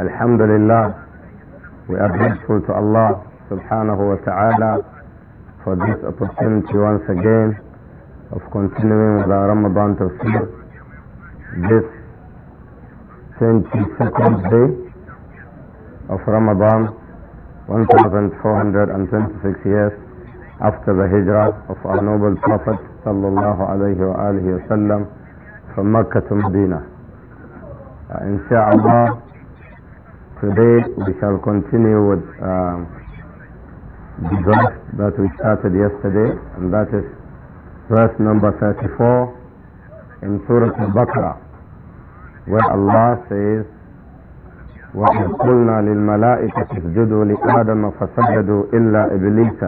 Alhamdulillah, we are grateful to Allah subhanahu wa ta'ala for this opportunity once again of continuing with our Ramadan tafsir this 22nd day of Ramadan 1426 years after the hijrah of our noble prophet sallallahu alayhi wa alihi wasallam from Mecca to Medina. Uh, inshallah Today we shall continue with um, the verse that we started yesterday, and that is verse number 34 in Surah Al-Baqarah, where Allah says, وإذ قلنا للملائكة اسجدوا لآدم فسجدوا إلا إبليس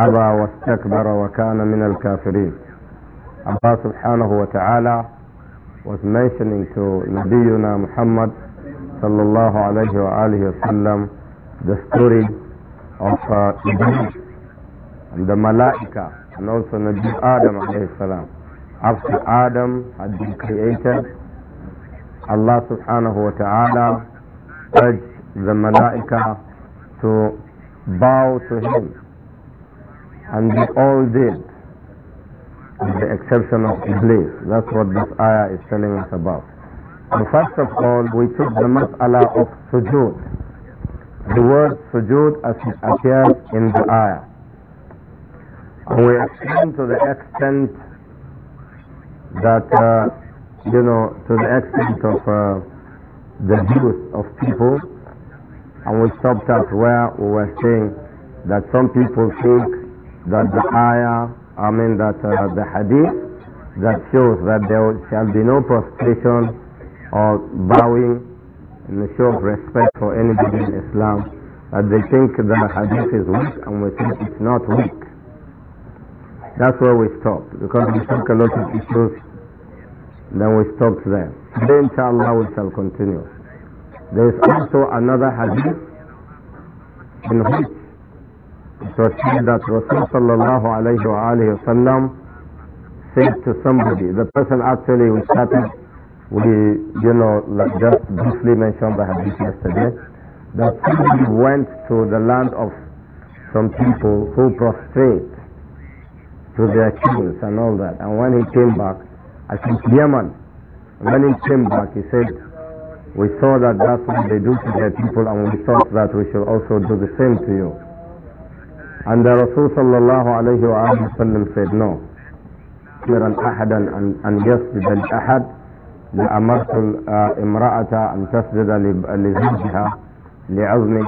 أبى واستكبر وكان من الكافرين. Allah subhanahu wa ta'ala was mentioning to Nabiyyuna Muhammad sallallahu alayhi wa alihi wasallam the story of uh, Iblis and the Malaika and also Nabi Adam alayhi salam. After Adam had been created, Allah subhanahu wa ta'ala urged the Malaika to bow to him. And they all did, with the exception of Iblis. That's what this ayah is telling us about. So first of all, we took the mas'ala of sujood. The word sujood as it appears in the ayah. And we explained to the extent that, uh, you know, to the extent of uh, the views of people. And we stopped at where we were saying that some people think that the ayah, I mean that uh, the hadith, that shows that there shall be no prostration or bowing in show of respect for anybody in Islam, that they think the hadith is weak and we think it's not weak. That's where we stopped, because we took a lot of issues, then we stopped there. Today, inshallah, we shall continue. There is also another hadith in which it was said that Rasulullah sallallahu said to somebody, the person actually who started we, you know, like just briefly mentioned the hadith yesterday, that somebody went to the land of some people who prostrate to their kings and all that. And when he came back, I think Yemen, when he came back, he said, we saw that that's what they do to their people and we thought that we should also do the same to you. And the Rasul sallallahu alayhi wa sallam said, no. أن and أن يسجد الأحد لأمرت امرأة أن تسجد لزوجها لعظم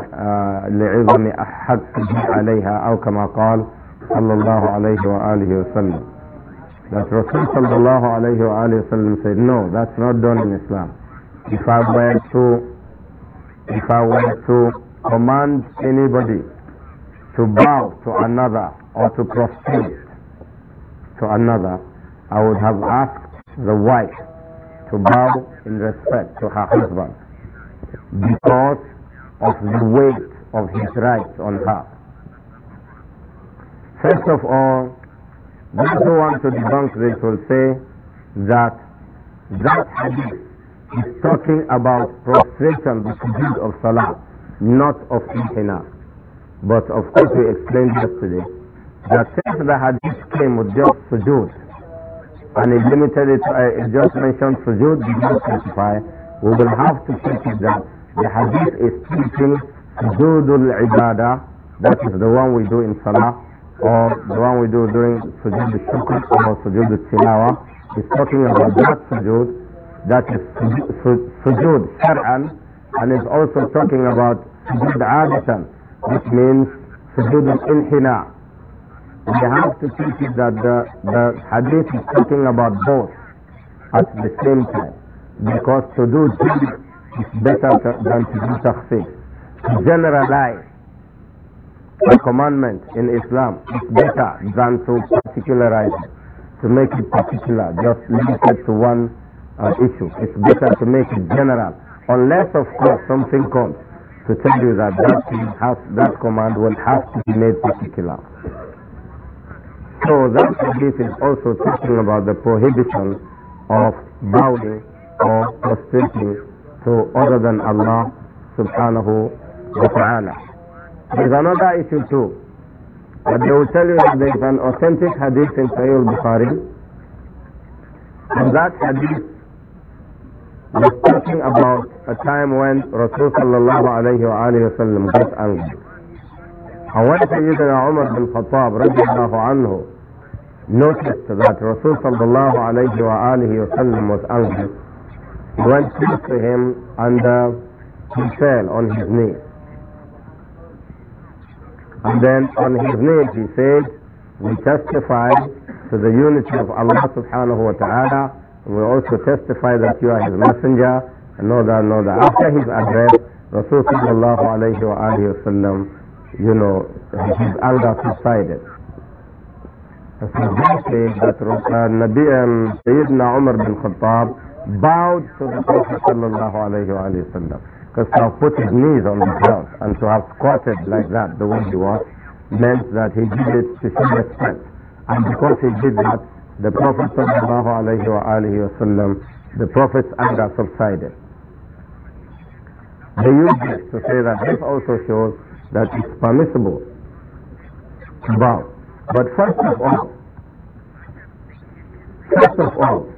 لعظم أحد عليها أو كما قال صلى الله عليه وآله وسلم that Rasul الله عليه وآله وسلم said, no, that's not done in Islam. If I were to, if I were to command anybody to bow to another or to prostrate to another, I would have asked the wife to bow in respect to her husband because of the weight of his rights on her. First of all, those who want to debunk this will say that that hadith is talking about prostration, the sujood of salah, not of inhina. But of course we explained yesterday that since the hadith came with just sujood, and it limited it, uh, it just mentioned sujood did not specify, we will have to take it that the hadith is teaching sujudul ibadah, that is the one we do in salah, or the one we do during sujood shukr or sujood tilawa, It's talking about that sujood, that is sujood shar'an, and it's also talking about sujood adatan, which means sujood al-inhina, we have to treat it that the, the hadith is talking about both at the same time. Because to do jihad is better than to do takhfif. To generalize a commandment in Islam is better than to particularize it, to make it particular, just limited to one uh, issue. It's better to make it general, unless of course something comes to tell you that that, has, that command will have to be made particular. So that hadith is also talking about the prohibition of bowing or prostrating to other than Allah subhanahu wa ta'ala. There's another issue too. But they will tell you that there is an authentic hadith in Sahih bukhari And that hadith was talking about a time when Rasulullah sallallahu alayhi wa alayhi wa sallam got angry. And when Sayyidina Umar bin Khattab radiallahu anhu noticed that Rasul sallallahu alayhi wa alihi wasallam was angry, he went close to him and uh, he fell on his knees. And then on his knees he said, we testify to the unity of Allah subhanahu wa ta'ala and we also testify that you are his messenger and know that, know that. After his address, Rasul sallallahu alayhi wa alihi wasallam, you know, his anger subsided suggested that uh, Nabi um, Sayyidina Umar bin Khattab bowed to the Prophet sallallahu alayhi wa sallam. Because to have put his knees on the ground and to have squatted like that, the way he was, meant that he did it to show respect. And because he did that, the Prophet sallallahu alayhi wa sallam, the Prophet's anger subsided. They use this to say that this also shows that it's permissible to bow. But first of all, first of all,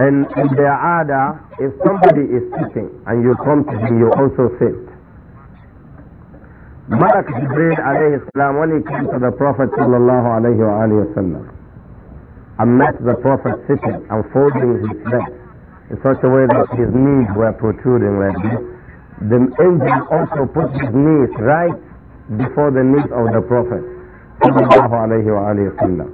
and in the order, if somebody is sitting and you come to him, you also sit. Malak Jibreel alayhi salam, when he came to the Prophet sallallahu alayhi wa sallam, and met the Prophet sitting and folding his legs in such a way that his knees were protruding like this, the angel also put his knees right before the knees of the Prophet sallallahu alayhi wa sallam.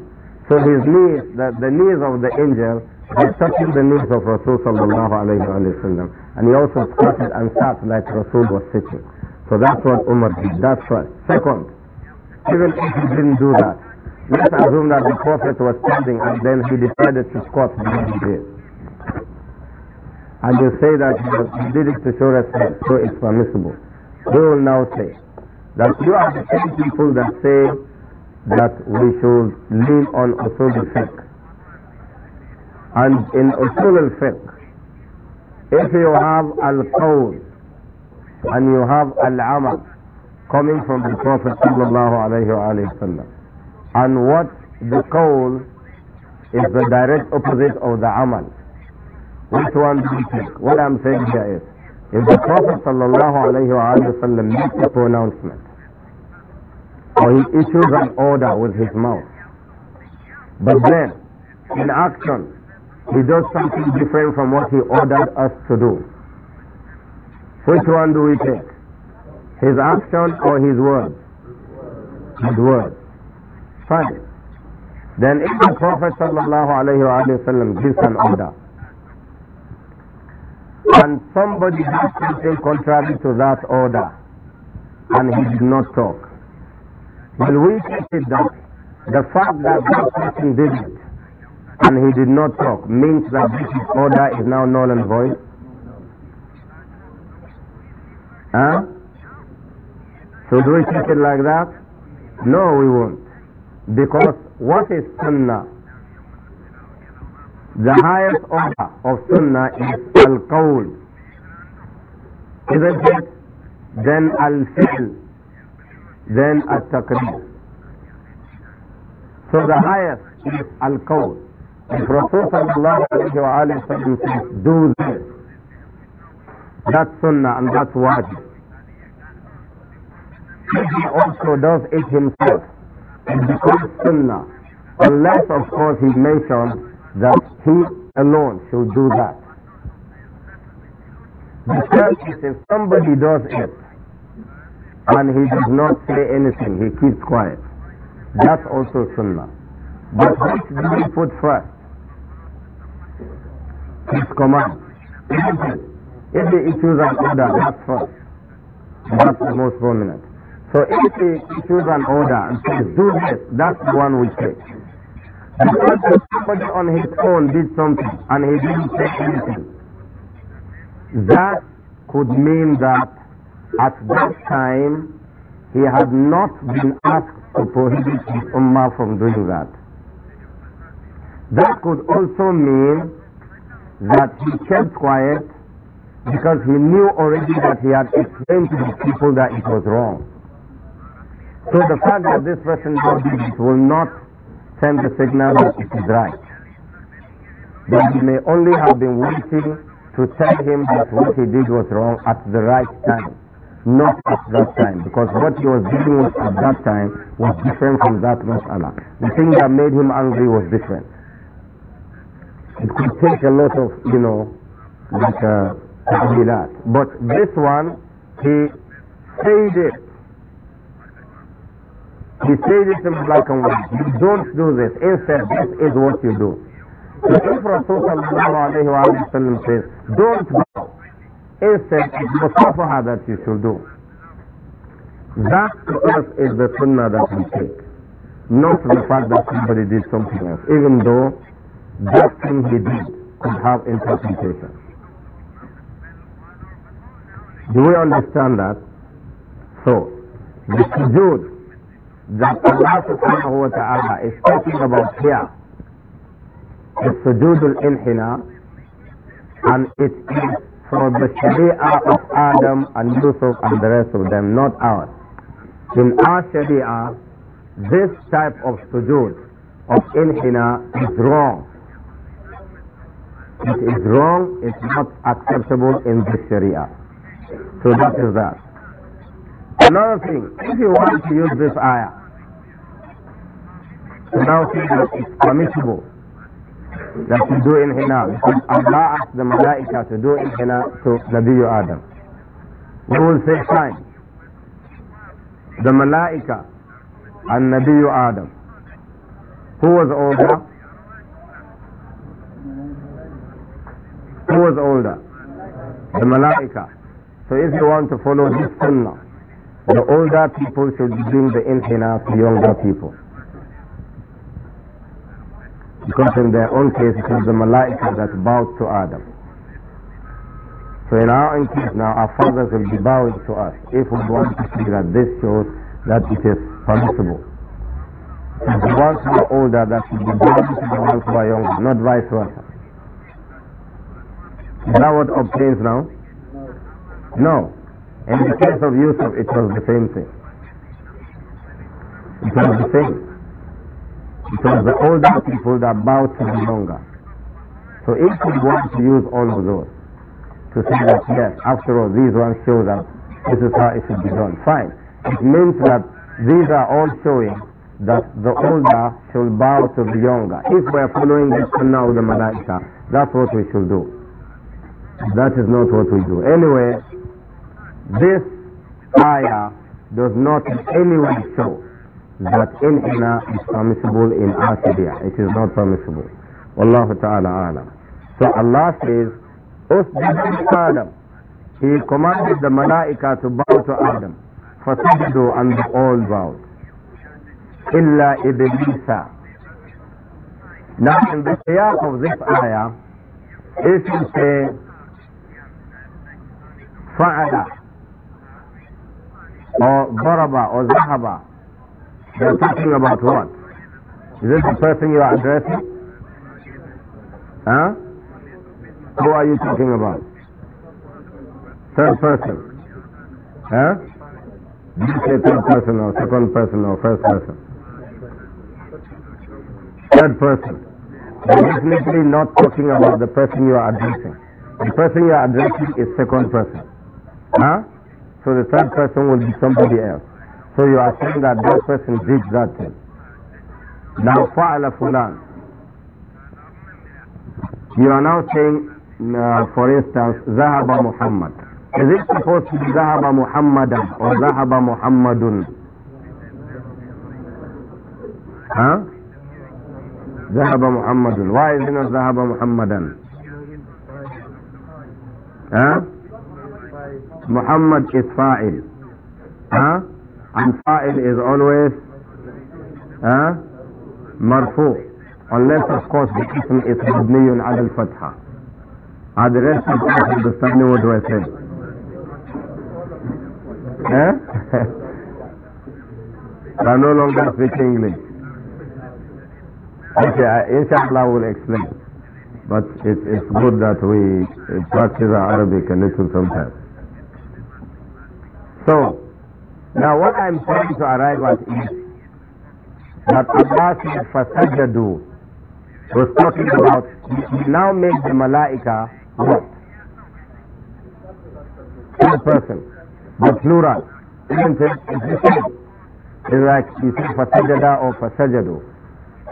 So his knees, the, the knees of the angel were touching the knees of Rasul sallallahu alayhi wa sallam. And he also squatted and sat like Rasul was sitting. So that's what Umar did. That's first. Second, even if he didn't do that, let's assume that the Prophet was standing and then he decided to squat because he did. And you say that he did it to show respect, so it's permissible. They will now say that you are the same people that say that we should lean on usul al-fiqh. And in usul al-fiqh, if you have al-qawl and you have al-amal coming from the Prophet sallallahu alayhi wa sallam, and what the qawl is the direct opposite of the amal. Which one do you think? What I'm saying here is, if the Prophet sallallahu alayhi wa sallam makes a pronouncement, or he issues an order with his mouth. But then, in action, he does something different from what he ordered us to do. Which one do we take? His action or his word? His word. Fine. Then if the Prophet ﷺ gives an order, and somebody does something contrary to that order, and he did not talk, but we tested that the fact that that person did it and he did not talk means that this order is now null and void. Huh? do we treat it like that? No, we won't. Because what is sunnah? The highest order of sunnah is al-qawl. Isn't it? Then al-fi'l then at-taqrir. So the highest is al-qawl. The Prophet says, do this. That's sunnah and that's wajib. He also does it himself. It becomes sunnah. Unless, of course, he mentions that he alone should do that. Because if somebody does it, and he does not say anything, he keeps quiet. That's also sunnah. But what do we put first? His command. If the issues an order, that's first. That's the most prominent. So if he issues an order and says, do this, that's the one we take. Because if somebody on his own did something and he didn't say anything, that could mean that at that time, he had not been asked to prohibit his ummah from doing that. That could also mean that he kept quiet because he knew already that he had explained to the people that it was wrong. So the fact that this person did will not send the signal that it is right. But he may only have been waiting to tell him that what he did was wrong at the right time not at that time, because what he was dealing with at that time was different from that mas'ala. The thing that made him angry was different. It could take a lot of, you know, like uh, that. But this one, he said it. He said it in black and white. You don't do this. Instead, this is what you do. The Prophet says, don't bow is said it's musafaha that you should do. That to us is the sunnah that we take, not the fact that somebody did something else, even though that thing he did could have interpretation. Do we understand that? So, the sujood that Allah subhanahu wa ta'ala is talking about here is sujood al-inhina and it is for the Sharia of Adam and Yusuf and the rest of them, not ours. In our Sharia, this type of sujood, of inhina, is wrong. It is wrong, it's not acceptable in the Sharia. So that is that. Another thing, if you want to use this ayah, now see that it's permissible that to do in Hina. Because Allah asked the Malaika to do in Hina to Nabi Adam. We will say fine. The Malaika and Nabi Adam. Who was older? Who was older? The Malaika. So if you want to follow this sunnah, the older people should bring the inhina to younger people. Because in their own case, it was the malaika that bowed to Adam. So in our own case now, our fathers will be bowing to us if we want to see that this shows that it is permissible. And the ones who are older, that should be bowing to the ones who are younger, not vice versa. Is that what obtains now? No. In the case of Yusuf, it was the same thing. It was the same. Because the older people that bow to the younger. So if we want to use all of those to say that yes, after all these ones show that this is how it should be done, fine. It means that these are all showing that the older should bow to the younger. If we are following the sunnah of the malaika, that's what we should do. That is not what we do. Anyway, this ayah does not in any way show that inhina is permissible in our It is not permissible. Allah ta'ala alam. So Allah says, Usjudu Adam. He commanded the malaika to bow to Adam. Fasajdu and all bowed. Illa Iblisa. Now in the area of this ayah, if you say, Fa'ala, or Daraba, or Zahaba, you're talking about what? Is this the person you are addressing? Huh? Who are you talking about? Third person. Huh? Did you say third person or second person or first person? Third person. You're definitely not talking about the person you are addressing. The person you are addressing is second person. Huh? So the third person will be somebody else. So you are saying that that person did that thing. Now fa'ala fulan. You are now saying, uh, for instance, zahaba Muhammad. Is it supposed to be zahaba Muhammadan or zahaba Muhammadun? Huh? Zahaba Muhammadun. Why is it not zahaba Muhammadan? Huh? Muhammad is fa'il. Huh? and fa'il is always uh, marfu unless of course the person is mabniyun ala al-fatha are the rest of us understanding what do I say? Eh? I no longer speak English okay I, inshallah will explain but it, it's good that we practice Arabic a little sometimes so now what I'm trying to arrive at is that Allah said fasajadu was talking about he now made the malaika what? One person, the plural, isn't it? It's the same. It's like he said fasajada or fasajadu.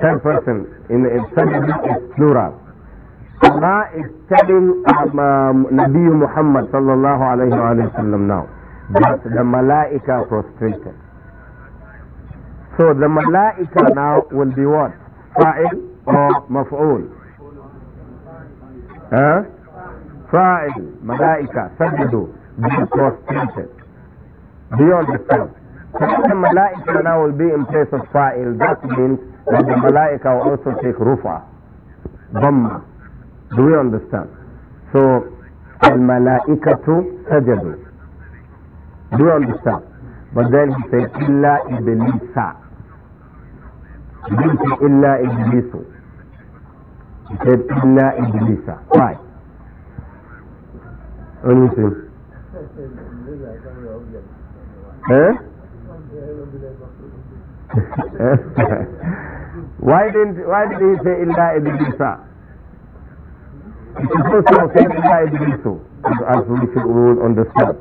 Third person in the sajadu is plural. Allah is telling um, um, Nabi Muhammad sallallahu alayhi wa sallam now but the malaika prostrated. So the malaika now will be what? Fa'il or maf'ul? Huh? Fa'il, malaika, sajdu, be prostrated. Do you understand? So the malaika now will be in place of fa'il. That means that the malaika will also take rufa, dhamma. Do we understand? So, al-malaikatu sajadu. Do you understand? But then he said, Illa Iblisa. He didn't say Illa Iblisu. He said, Illa Iblisa. Why? Anything. Huh? why didn't why did he say Illa Iblisa? It's supposed to have said Illa Iblisu, as we should all understand.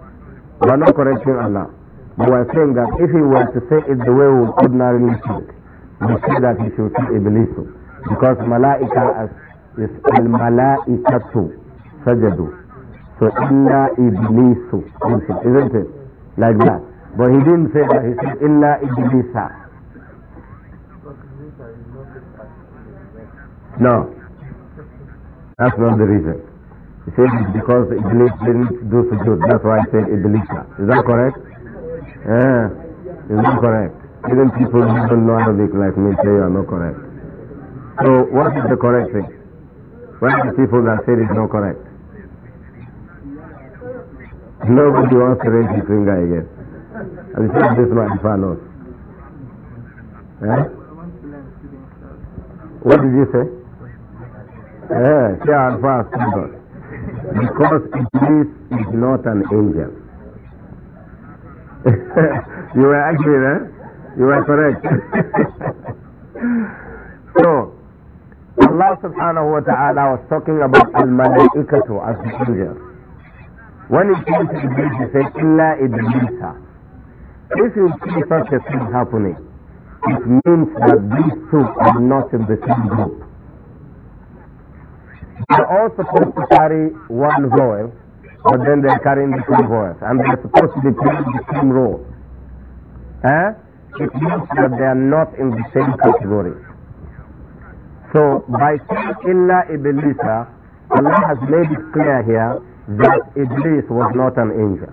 We are not correcting Allah. But we are saying that if he were to say it the way we would ordinarily think, we say that he should say Iblisu. Because Malaika is Al-Malaikatu Sajadu. So Illa Iblisu. Isn't it? Like that. But he didn't say that. He said Illa Iblisa. No. That's not the reason said because Iblis didn't do sujood. That's why I said Iblisa. Is that correct? Yeah. Is that correct? Even people who don't know Arabic like me say you are not correct. So what is the correct thing? What are the people that say it's not correct? Nobody wants to raise his finger again. And it's not this man follows. Yeah? What did you say? Yeah, yeah, Alpha Ascendant. Because Iblis is not an angel. you were actually there? You were correct. so, Allah subhanahu wa ta'ala was talking about al-malaikatu as the angel. When it came to Iblis, he said, illa iblisa. If you see such a thing happening, it means that these two are not in the same group. They're all supposed to carry one voice, but then they're carrying different voice, and they're supposed to be playing the same role. Eh? It means that they are not in the same category. So by saying illa iblisa, Allah has made it clear here that Iblis was not an angel.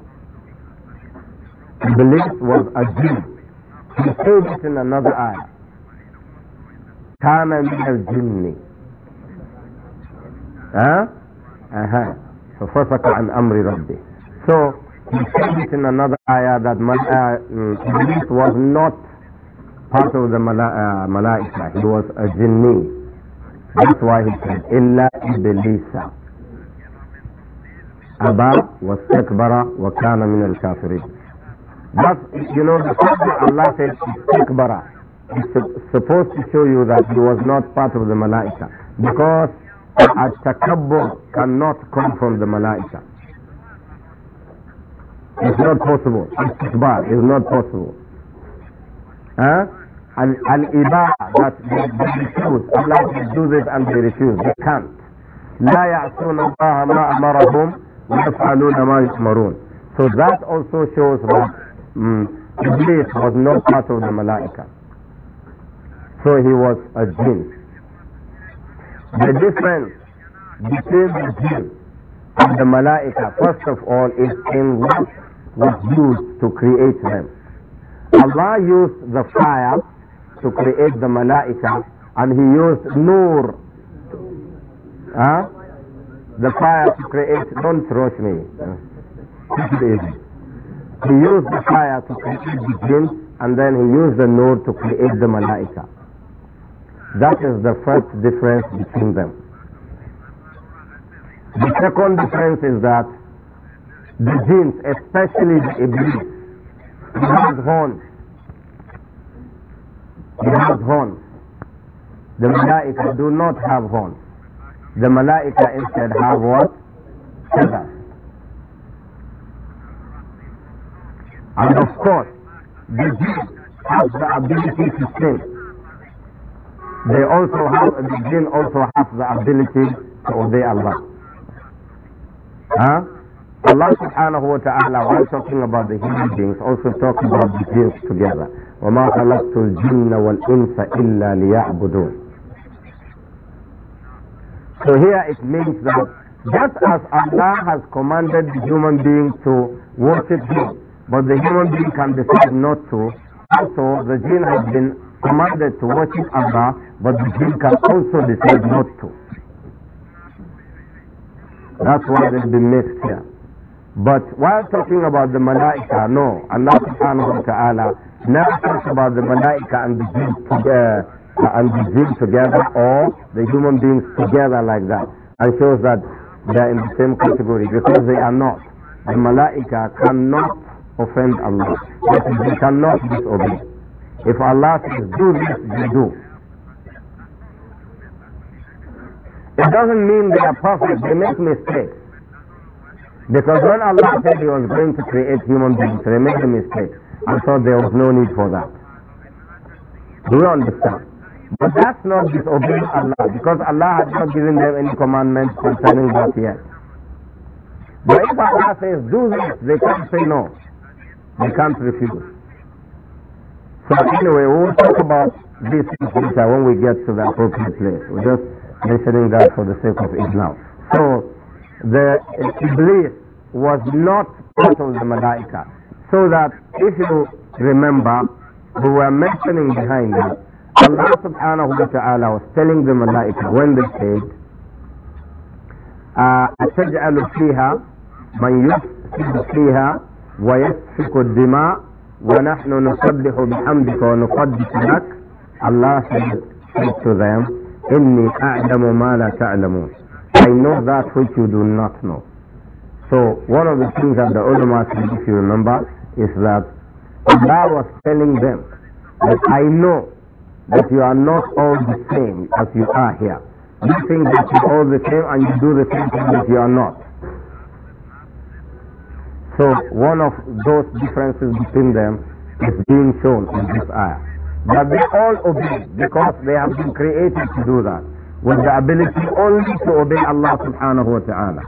Iblis was a jinn. He said it in another ayah. كان من الجن Huh? Uh-huh. ففسق عن أمر ربه. So he said it in another ayah that uh, Iblis uh, was not part of the mala- uh, He was a jinni. That's why he said إلا إبليس أبى واستكبر وكان من الكافرين. But you know the fact that Allah says استكبر is supposed to show you that he was not part of the Malaika because at-takabbur cannot come from the malaika. It's not possible. Istikbar is not possible. Huh? And al-ibah, that they, they refuse. Allah will do this and they refuse. They can't. لا يعصون الله ما أمرهم ويفعلون ما يؤمرون. So that also shows that um, Iblis was not part of the malaika. So he was a jinn. The difference between the jinn of the malaika, first of all, is in what was used to create them. Allah used the fire to create the malaika and he used nur huh? the fire to create don't rush me he used the fire to create the jinn and then he used the nur to create the malaika that is the first difference between them. The second difference is that the jinns, especially the iblis, he has horns. He has horns. The malaika do not have horns. The malaika instead have what? Feathers. And of course, the jinns have the ability to sing. They also have, the jinn also have the ability to obey Allah. Huh? Allah subhanahu wa ta'ala, while talking about the human beings, also talks about the jinns together. وَمَا خَلَقْتُ الْجِنَّ وَالْإِنسَ إِلَّا لِيَعْبُدُونَ So here it means that just as Allah has commanded the human being to worship Him, but the human being can decide not to, also the jinn has been commanded to worship Allah, but the jinn can also decide not to. That's why they've been mixed here. But while talking about the Malaika, no, Allah subhanahu wa ta'ala never talks about the Malaika and the jinn together, uh, and the together or the human beings together like that and shows that they are in the same category because they are not. The Malaika cannot offend Allah. They cannot disobey. If Allah says do this, you do. It doesn't mean they are perfect, they make mistakes. Because when Allah said He was going to create human beings, they made a mistake and thought there was no need for that. Do you understand? But that's not disobeying Allah, because Allah had not given them any commandments concerning that yet. But if Allah says do this, they can't say no. They can't refuse. So anyway, we'll talk about these things later when we get to the appropriate place. We're just mentioning that for the sake of it now. So the Iblis was not part of the Malaika. So that if you remember, we were mentioning behind that Allah subhanahu wa ta'ala was telling the Malaika when they said, أتجعل فيها من يفسد فيها ويسفك الدماء وَنَحْنُ نُسَبِّحُ بِحَمْدِكَ وَنُقَدِّسُ لَكَ Allah said to them, إِنِّي أَعْلَمُ مَا لَا تَعْلَمُونَ I know that which you do not know. So one of the things that the ulama said, if you remember, is that Allah was telling them that I know that you are not all the same as you are here. You think that you're all the same and you do the same thing that you are not. So one of those differences between them is being shown in this ayah. But they all obey because they have been created to do that with the ability only to obey Allah subhanahu wa ta'ala.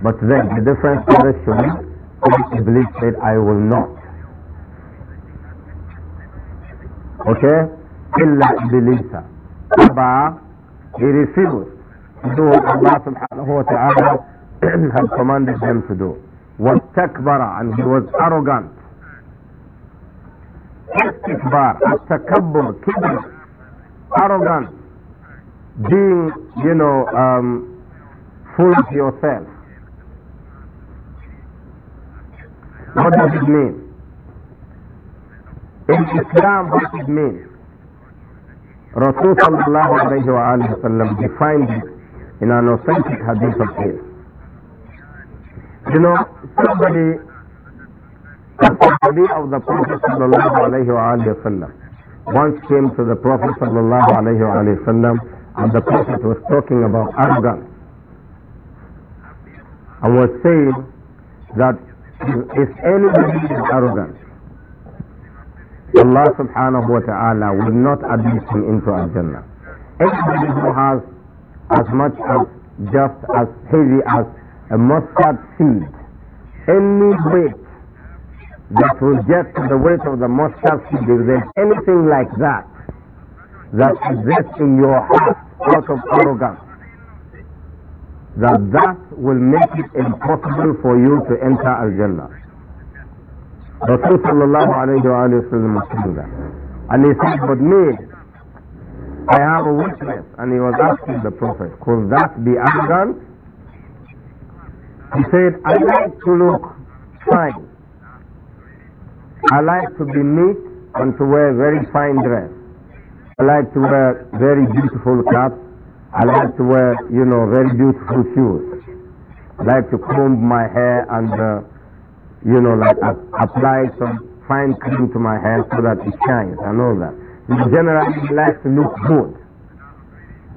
But then the difference is this showing is Iblis said, I will not. Okay? Illa Iblisa. Abba, he refused to do what Allah subhanahu wa ta'ala had commanded him to do. واستكبر and he was arrogant استكبار التكبر كبر arrogant being you know um, full of yourself what does it mean in Islam what it means Rasul sallallahu alayhi wa sallam defined it in an authentic hadith of his you know, somebody, somebody of the Prophet sallallahu alayhi wa sallam once came to the Prophet sallallahu alayhi wa sallam and the Prophet was talking about arrogance and was saying that if anybody is arrogant, Allah subhanahu wa ta'ala will not admit him into Al-Jannah. Anybody who has as much as just as heavy as a mustard seed, any weight that will get the weight of the mustard seed, if there's anything like that that exists in your heart out of arrogance, that that will make it impossible for you to enter Al-Jannah. Rasul sallallahu alayhi wa sallam And he said, but me, I have a witness. And he was asking the Prophet, could that be arrogance? He said, I like to look fine. I like to be neat and to wear very fine dress. I like to wear very beautiful caps. I like to wear, you know, very beautiful shoes. I like to comb my hair and, uh, you know, like uh, apply some fine cream to my hair so that it shines and all that. In He likes to look good.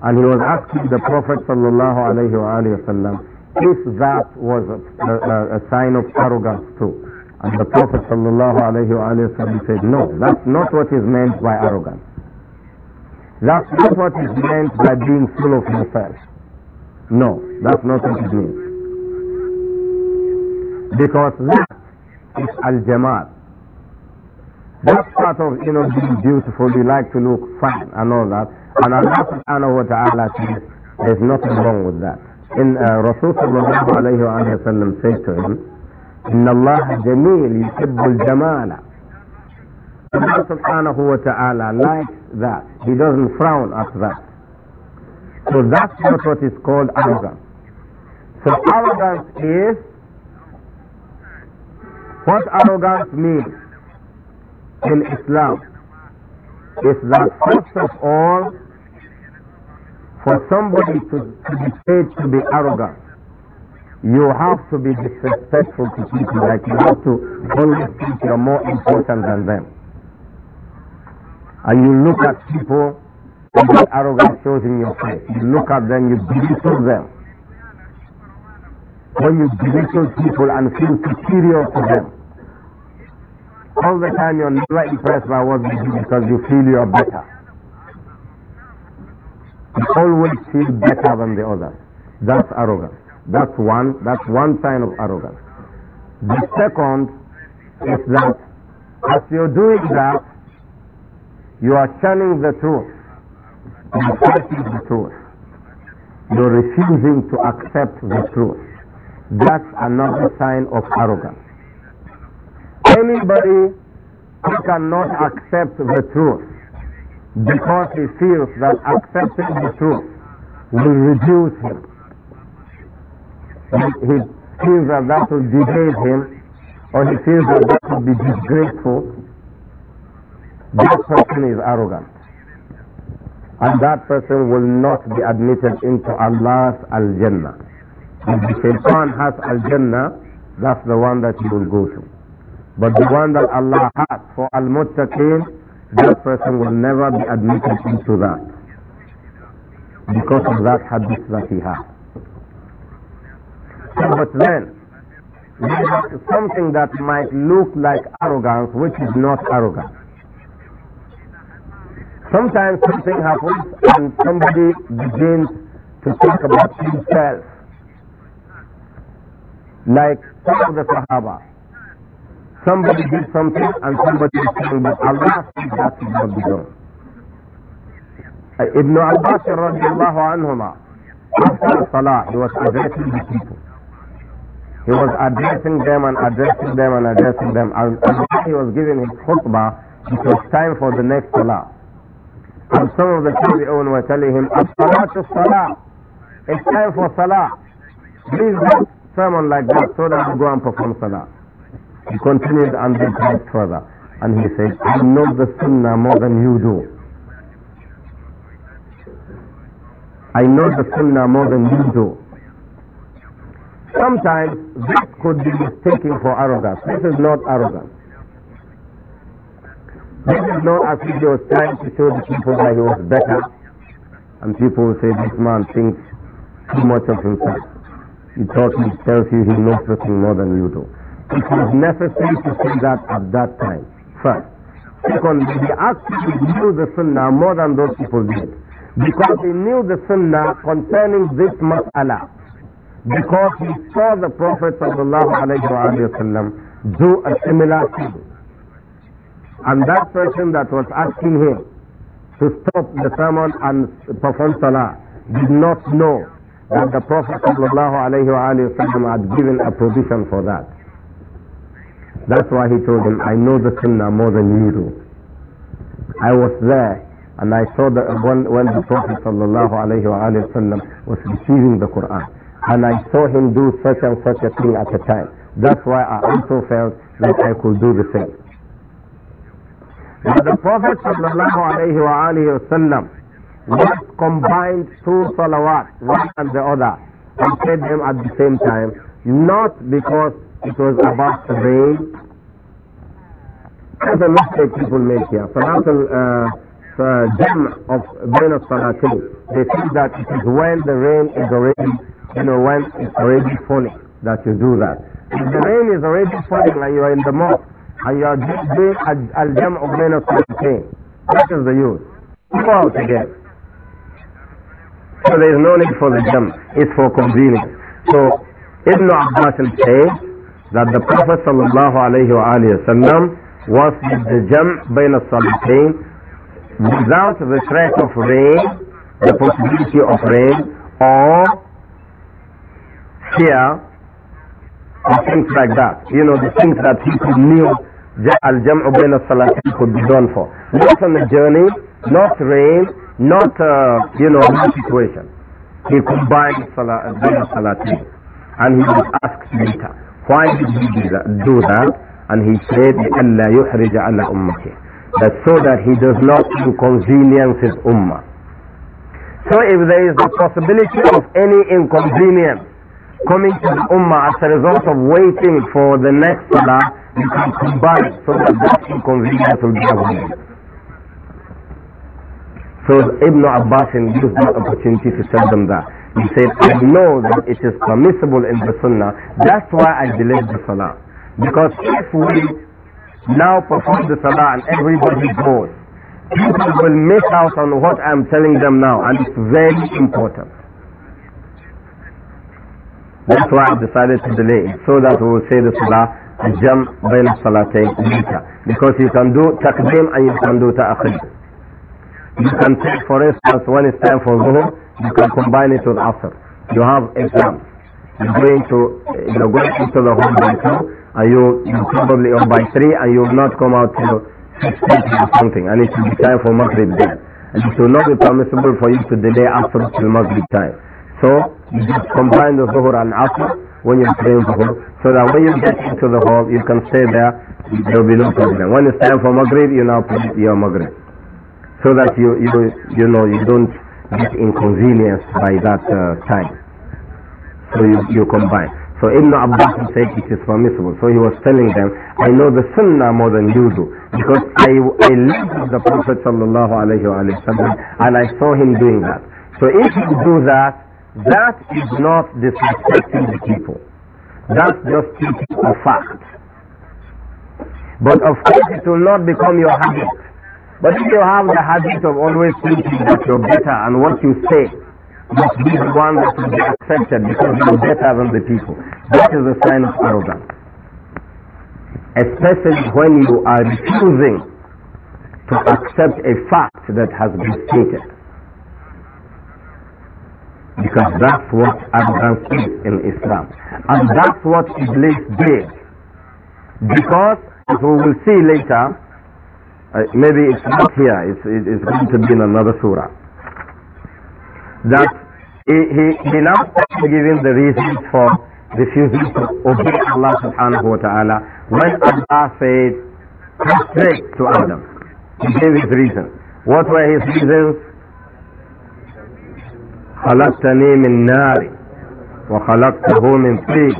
And he was asking the Prophet sallallahu alayhi wa sallam, if that was a, a, a sign of arrogance too. And the Prophet ﷺ said, no, that's not what is meant by arrogance. That's not what is meant by being full of yourself. No, that's not what it means. Because that is al-jamal. That part of, you know, being beautiful, you like to look fine and all that. And Allah subhanahu wa ta'ala says, there's nothing wrong with that. رسول صلى الله عليه وآله وسلم said to him إن الله جميل يحب الجمال Allah subhanahu wa ta'ala likes that. He doesn't frown at that. So that's not what is called arrogance. So arrogance is what arrogance means in Islam is that first of all for somebody to, to be said to be arrogant, you have to be disrespectful to people, like you have to always think you're more important than them. And you look at people and that arrogance shows in your face. You look at them, you belittle them. When you belittle people and feel superior to them, all the time you're never impressed by what they do because you feel you're better always feel better than the other. That's arrogance. That's one, that's one sign of arrogance. The second is that as you're doing that, you are shunning the truth. You are fighting the truth. You're refusing to accept the truth. That's another sign of arrogance. Anybody who cannot accept the truth because he feels that accepting the truth will reduce him. He, he feels that that will degrade him, or he feels that that will be disgraceful. That person is arrogant. And that person will not be admitted into Allah's Al-Jannah. If the shaitan has Al-Jannah, that's the one that he will go to. But the one that Allah has for Al-Muttaqeen, that person will never be admitted into that because of that habit that he has. But then, something that might look like arrogance, which is not arrogance. Sometimes something happens and somebody begins to talk about himself, like some of the Sahaba. Somebody did something and somebody is saying, but Allah said that should not be done. Uh, Ibn Abbas radiallahu anhuma, after Salah, he was addressing the people. He was addressing them and addressing them and addressing them. And as he was giving his khutbah, it was time for the next Salah. And some of the Tabi'un were telling him, As-salatu Salah, it's time for Salah. Please do sermon like that so that you go and perform Salah. He continued and they tried further. And he said, I know the sunnah more than you do. I know the sunnah more than you do. Sometimes this could be mistaken for arrogance. This is not arrogance. This is not as if he was trying to show the people that he was better. And people say, this man thinks too much of himself. He talks, he tells you he knows nothing more than you do it was necessary to say that at that time. First. secondly, they actually knew the Sunnah more than those people did. Because they knew the Sunnah concerning this Mas'ala. Because he saw the Prophet وسلم, do a similar thing. And that person that was asking him to stop the sermon and perform Salah did not know that the Prophet ﷺ had given a provision for that. That's why he told him, I know the sunnah more than you do. I was there and I saw that when, when the Prophet sallallahu alaihi wasallam was receiving the Quran. And I saw him do such and such a thing at the time. That's why I also felt that I could do the same. Now the Prophet sallallahu alaihi wasallam was combined two salawat, one and the other, and said them at the same time, not because it was about the rain. That's a mistake people make here. Salatul uh, uh, Jam of Bain of Salatul. They think that it is when the rain is already, you know, when it's already falling that you do that. If the rain is already falling and you are in the mosque and you are doing Al-Jam of Bain of Salatul, what is the use? Go out again. So there is no need for the jam. It's for convenience. So Ibn Abbas says, that the Prophet sallallahu alayhi wa was with the jam' bain salatayn without the threat of rain, the possibility of rain or fear or things like that. You know, the things that he could knew al-jam'u bain salatayn could be done for. Not on the journey, not rain, not, uh, you know, no situation. He combined salah, bain and he was asked later. Why did he do that? Do that? And he said, That so that he does not inconvenience his ummah. So if there is the possibility of any inconvenience coming to the ummah as a result of waiting for the next salah, you can combine so that that inconvenience will be avoided. So Ibn Abbas used that opportunity to tell them that. He said, I know that it is permissible in the Sunnah. That's why I delayed the Salah. Because if we now perform the Salah and everybody goes, people will miss out on what I'm telling them now, and it's very important. That's why I decided to delay it, so that we will say the Salah jam bain salatayn later. Because you can do takdim and you can do ta'akhir. You can take, for instance, when it's time for Zuhur, you can combine it with Asr. You have exams. You're going to, you going into the home by two, and you, you probably, or by three, and you will not come out till six thirty or something, and it will be time for Maghrib then. And it will not be permissible for you to delay Asr till Maghrib time. So, you just combine the Zuhur and Asr, when you're praying Zuhur, so that when you get into the hall, you can stay there, there will be no problem. When it's time for Maghrib, you now put your Maghrib. So that you, you, you know, you don't get inconvenienced by that uh, time. So you, you combine. So Ibn Abbas said it is permissible. So he was telling them, I know the sunnah more than you do because I, I lived with the Prophet sallallahu alayhi wa and I saw him doing that. So if you do that, that is not disrespecting the people. That's just teaching a fact. But of course it will not become your habit. But if you have the habit of always thinking that you're better and what you say must be the one that will be accepted because you're better than the people, that is a sign of arrogance. Especially when you are refusing to accept a fact that has been stated. Because that's what arrogance is in Islam. And that's what Iblis did. Because, as we will see later, uh, maybe it's not here, it's, it's going to be in another surah. That he, he, he now started giving the reasons for refusing to obey Allah subhanahu wa ta'ala when Allah said, straight to Adam. He gave his reasons. What were his reasons? خلقتني من نار وخلقته من طين.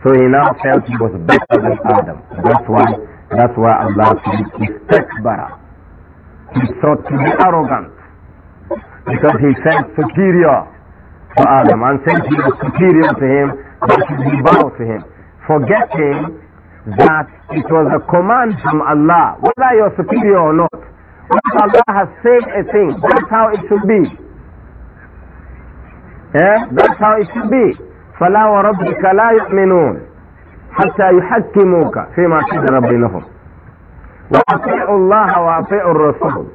So he now felt he was better than Adam. That's why that's why Allah said, back. He sought to be arrogant because he felt superior to Adam and since he was superior to him, why should he bow to him? Forgetting that it was a command from Allah, whether you're superior or not. Once Allah has said a thing, that's how it should be. Yeah? That's how it should be. فَلَا وَرَبِّكَ لَا يُؤْمِنُونَ حتى يحكموك فيما شجر بينهم وأطيعوا الله وأطيعوا الرسول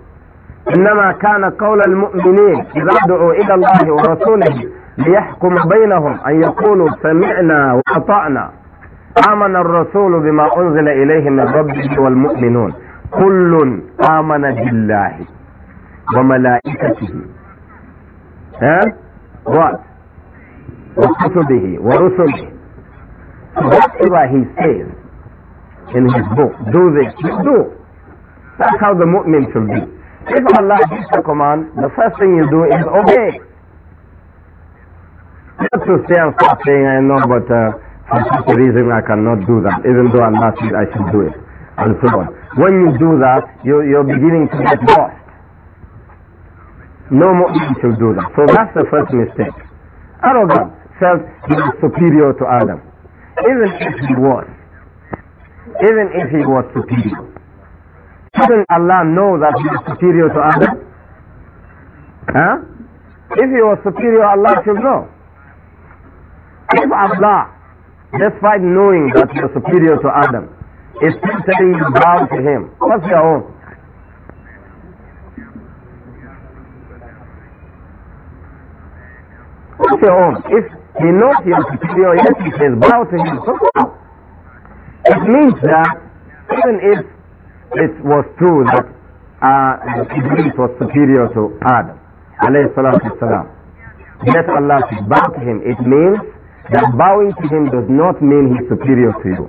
إنما كان قول المؤمنين إذا دعوا إلى الله ورسوله ليحكم بينهم أن يقولوا سمعنا وأطعنا آمن الرسول بما أنزل إليه من ربه والمؤمنون كل آمن بالله وملائكته ها وكتبه ورسله That's why he says in his book, do this, do. That's how the mu'min should be. If Allah gives a command, the first thing you do is obey. Not to say and start saying, I know, but uh, for such a reason I cannot do that, even though Allah said I should do it, and so on. When you do that, you, you're beginning to get lost. No mu'min should do that. So that's the first mistake. Arrogance, felt he was superior to Adam even if he was, even if he was superior, should not Allah know that he is superior to Adam? Huh? If he was superior, Allah should know. If Allah, despite knowing that you're superior to Adam, is still telling you bow to him, what's your own? What's your own? If he knows your he says, bow to him. So It means that even if it was true that uh, Iblis was superior to Adam, alayhi yet Allah should bow to him. It means that bowing to him does not mean he's superior to you.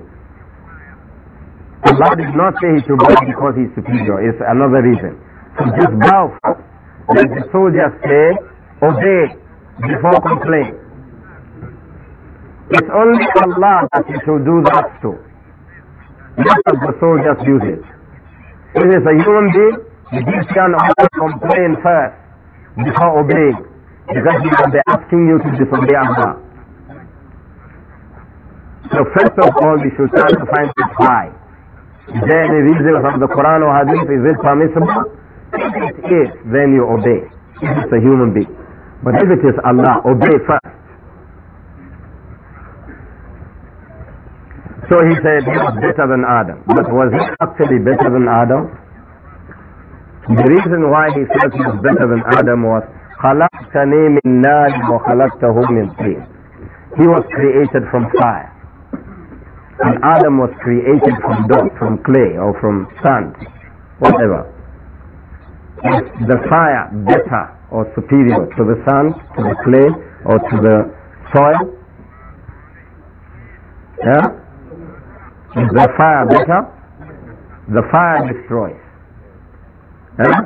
Allah did not say he should bow because he's superior. It's another reason. So just bow. Like the soldiers say, obey before complaining. It's only Allah that you should do that to. Not that the soul just uses. If it's a human being, the can always complain first before obeying. Because he will be asking you to disobey Allah. So first of all, we should try to find out why. Is there any reason from the Quran or Hadith? Is it permissible? If it is, then you obey. If it's a human being. But if it is Allah, obey first. So he said he was better than Adam. But was he actually better than Adam? The reason why he said he was better than Adam was He was created from fire. And Adam was created from dust, from clay or from sand, whatever. Is the fire better or superior to the sand, to the clay or to the soil? Yeah? Is the fire better? The fire destroys. Eh?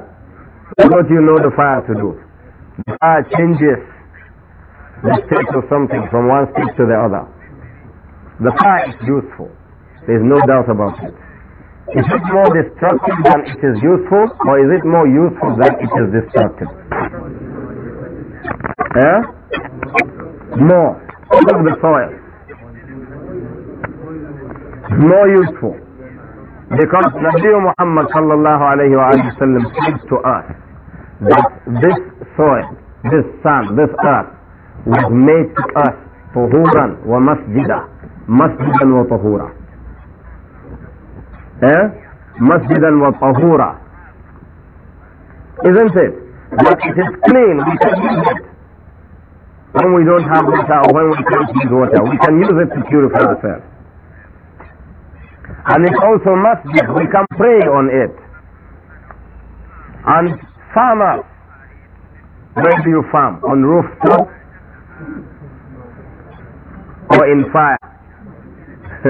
What do you know the fire to do? The fire changes the state of something from one state to the other. The fire is useful. There is no doubt about it. Is it more destructive than it is useful, or is it more useful than it is destructive? Eh? More. Look the soil more useful. Because Nabi Muhammad sallallahu alayhi wa sallam said to us that this soil, this sand, this earth was made to us masjidah masjidan wa وطهورا eh? wa وطهورا isn't it? But it is clean, we can use it. When we don't have water or when we can't use water, we can use it to purify ourselves. And it's also masjid, we can pray on it. And farmer, where do you farm? On rooftop? Or in fire?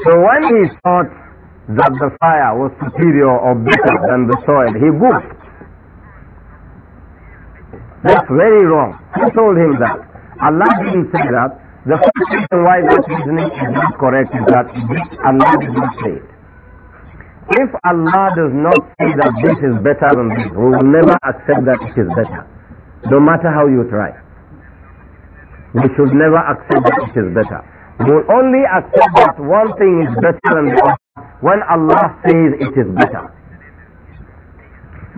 so when he thought that the fire was superior or better than the soil, he goofed. That's very wrong. Who told him that? Allah didn't say that. The first reason why that reasoning is not correct is that this Allah did not say it. If Allah does not say that this is better than this, we will never accept that it is better, no matter how you try. We should never accept that it is better. We will only accept that one thing is better than the other when Allah says it is better.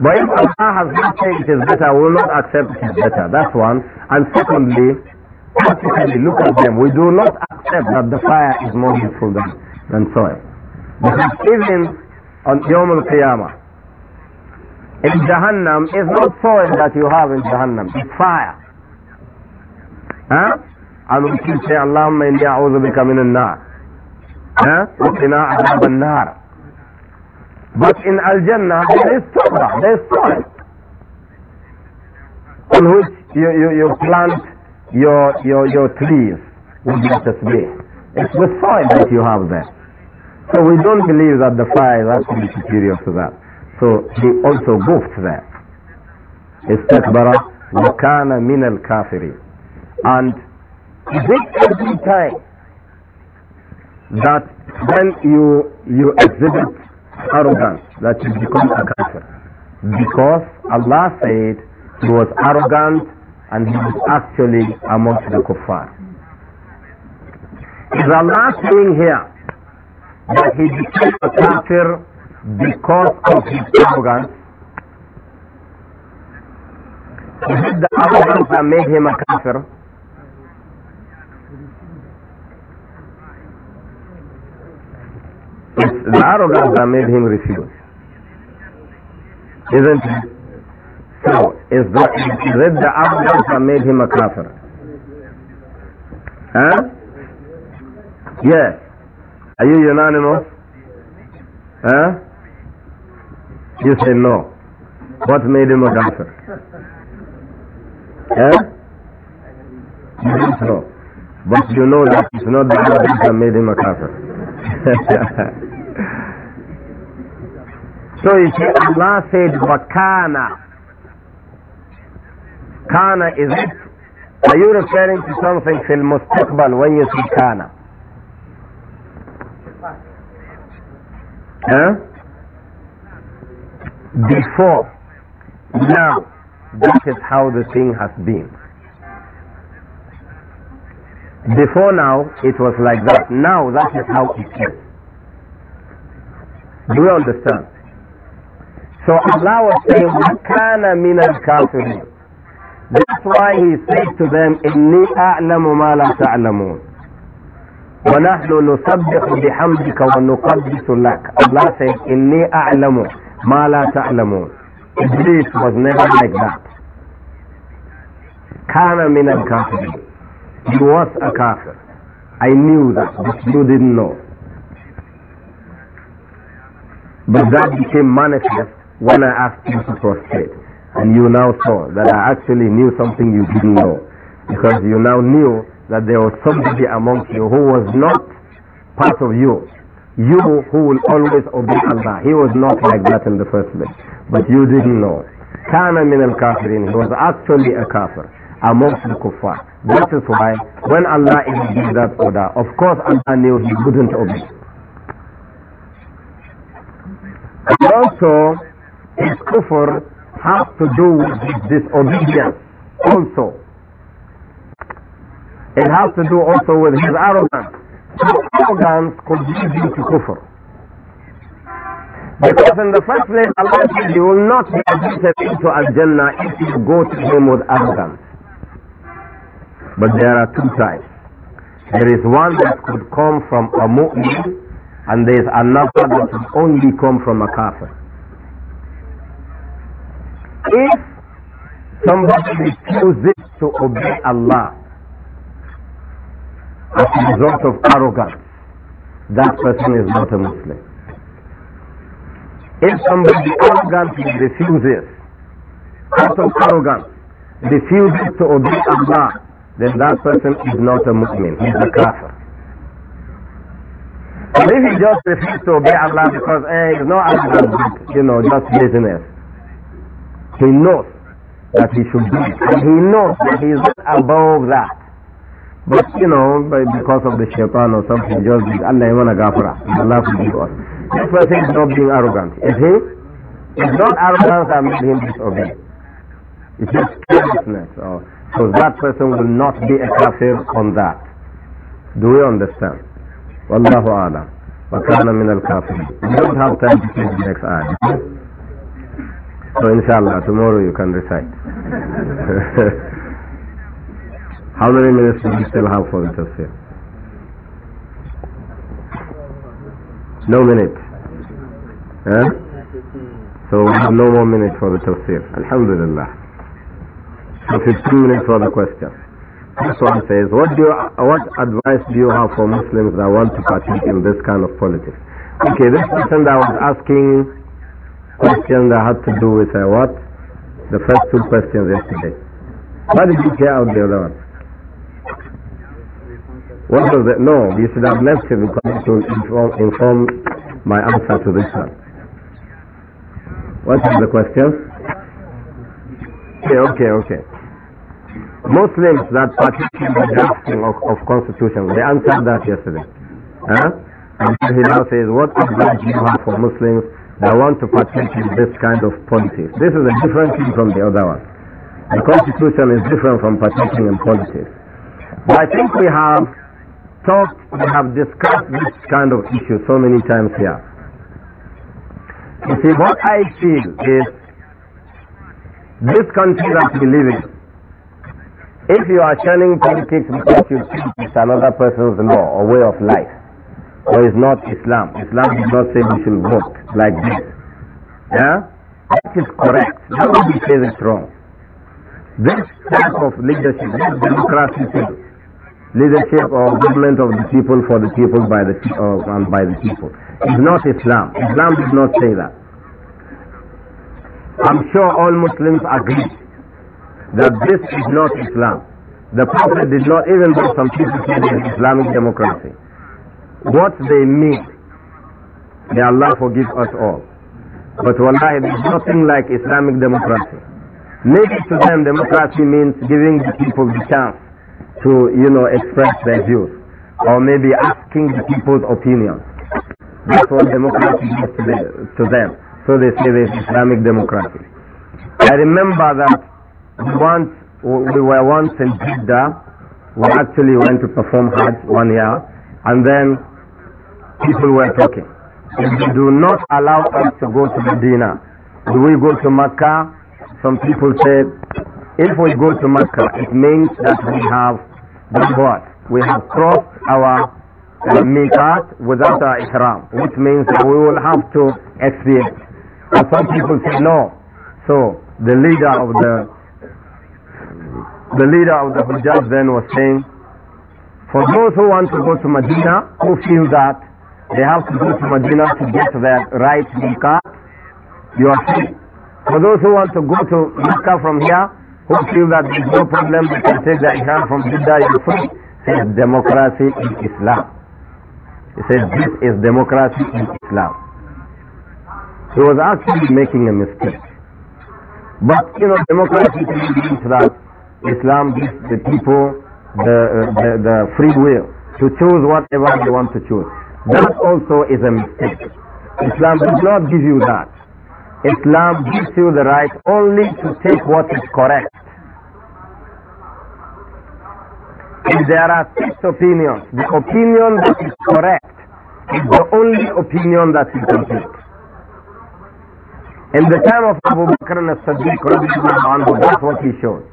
But if Allah has not said it is better, we will not accept it is better. That's one. And secondly, Practically, look at them. We do not accept that the fire is more useful than, than soil. Because even on Yom Al Qiyamah, in Jahannam, it's not soil that you have in Jahannam, it's fire. Huh? And we keep saying, Allahumma inni a'udhu bika min al-nar. Huh? Waqina azab al-nar. But in Al-Jannah, there is soil. there is soil. On which you, you, you plant your, your, your trees with just tasbih. It's the soil that you have there. So we don't believe that the fire is actually superior to that. So he also goofed there. wakana min al kafiri. and is every time that when you you exhibit arrogance that you become a kafir because Allah said he was arrogant and he was actually amongst the kuffar. Is Allah saying here that he became a kafir because of his arrogance? Is it the arrogance that made him a kafir? It's the arrogance that made him refuse. Isn't it? Now, is, the, is the arrogance and made him a kafir? Huh? Yes. Are you unanimous? Huh? You say no. What made him a kafir? Huh? You don't know. But you know that it's not the arrogance that made him a kafir. So you see, Allah said, Wakana. Kana is it? Are you referring to something fil mustaqbal when you see kana? Huh? Before. Now. That is how the thing has been. Before now, it was like that. Now, that is how it is. Do you understand? So Allah was saying, كَانَ مِنَ الْكَافِرِينَ that's why he said to them, إِنِّي أَعْلَمُ مَا لَا تَعْلَمُونَ وَنَحْنُ نُسَبِّحُ بِحَمْدِكَ وَنُقَدِّسُ لَكَ Allah said, إِنِّي أَعْلَمُ مَا لَا تَعْلَمُونَ Iblis was never like that. كَانَ مِنَ kafir. He was a kafir. I knew that, but you didn't know. But that became manifest when I asked him to prostrate. And you now saw that I actually knew something you didn't know. Because you now knew that there was somebody amongst you who was not part of you. You who will always obey Allah. He was not like that in the first place. But you didn't know. min al Kafirin He was actually a kafir amongst the kuffar. That is why when Allah is giving that order, of course Allah knew he wouldn't obey. And also, his kufr has to do with disobedience also. It has to do also with his arrogance. So arrogance could lead you to kufr. Because in the first place, Allah says you will not be admitted into Al-Jannah if you go to him with arrogance. But there are two types. There is one that could come from a mu'min and there is another that could only come from a kafir. If somebody refuses to obey Allah as a result of arrogance, that person is not a Muslim. If somebody arrogantly refuses, out of arrogance, refuses to obey Allah, then that person is not a Muslim, he's a kafir. But if he just refuses to obey Allah because, eh, it's not arrogance, you know, just laziness, he knows that he should be, And he knows that he is not above that. But you know, because of the shaitan or something, just Allah Imana Gafara, Allah forgive us. This person is not being arrogant, is he? It's not arrogance that made him disobey. It's just carelessness. Oh. So that person will not be a kafir on that. Do we understand? Wallahu alam. وكان من الكافرين. We don't have time to see the next ayah. So inshallah, tomorrow you can recite. How many minutes do you still have for the tafsir? No minute. Huh? So we have no more minute for the tafsir. Alhamdulillah. So 15 minutes for the question. This one says, what, do you, what advice do you have for Muslims that want to participate in this kind of politics? Okay, this person that was asking question that had to do with uh, what? The first two questions yesterday. Why did you get out the other one? What was it? No, you should have left it because inform, inform my answer to this one. What is the question? Okay, okay, okay. Muslims that participate the drafting of, of constitution, they answered that yesterday. Huh? And he now says, what advice do you have for Muslims that want to partake in this kind of politics. This is a different thing from the other one. The constitution is different from partaking in politics. But I think we have talked, we have discussed this kind of issue so many times here. You see, what I feel is this country that we live in, if you are shunning politics because you think it's another person's law or way of life, or is not Islam. Islam does not say we should vote like this. Yeah? That is correct. Nobody says it's wrong. This type of leadership, this democracy leadership or government of the people for the people by the or, and by the people, is not Islam. Islam does not say that. I'm sure all Muslims agree that this is not Islam. The Prophet did not, even though some people say it is Islamic democracy what they mean, May Allah forgive us all. But wallahi, there's nothing like Islamic democracy. Maybe to them, democracy means giving the people the chance to, you know, express their views. Or maybe asking the people's opinions. That's what democracy means to, the, to them. So they say this Islamic democracy. I remember that once, we were once in Jeddah. We actually went to perform Hajj one year. And then people were talking. If do not allow us to go to Medina, do we go to Mecca? Some people said, if we go to Mecca, it means that we have done what? We have crossed our uh, without our ihram, which means that we will have to expiate. But some people said, no. So the leader of the the leader of the Hujjaj then was saying, for those who want to go to Medina, who feel that they have to go to Medina to get their right nikah. You are free. For those who want to go to Mecca from here, who feel that there's no problem, they can take the exam from Jeddah, you're free. Says democracy in Islam. He says this is democracy in Islam. He was actually making a mistake. But you know, democracy means that Islam gives the people the, uh, the, the free will to choose whatever they want to choose. That also is a mistake. Islam does not give you that. Islam gives you the right only to take what is correct. If there are six opinions, the opinion that is correct is the only opinion that you can take. In the time of Abu Bakr al siddiq that's what he showed.